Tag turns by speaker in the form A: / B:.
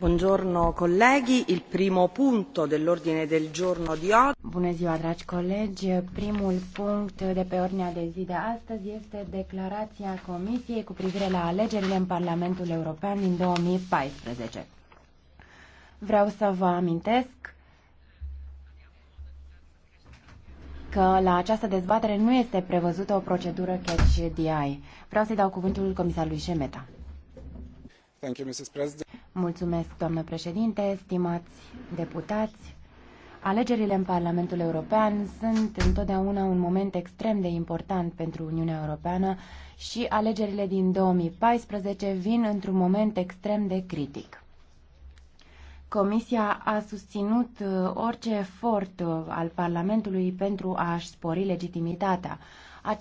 A: Bună ziua, colegi. Primul punct de pe ordinea de zi de astăzi este declarația Comisiei cu privire la alegerile în Parlamentul European din 2014. Vreau să vă amintesc că la această dezbatere nu este prevăzută o procedură catch DI. Vreau să-i dau cuvântul comisarului Șemeta. Thank you, Mrs. President. Mulțumesc, doamnă președinte, stimați deputați. Alegerile în Parlamentul European sunt întotdeauna un moment extrem de important pentru Uniunea Europeană și alegerile din 2014 vin într-un moment extrem de critic. Comisia a susținut uh, orice efort uh, al Parlamentului pentru a-și spori legitimitatea. Acea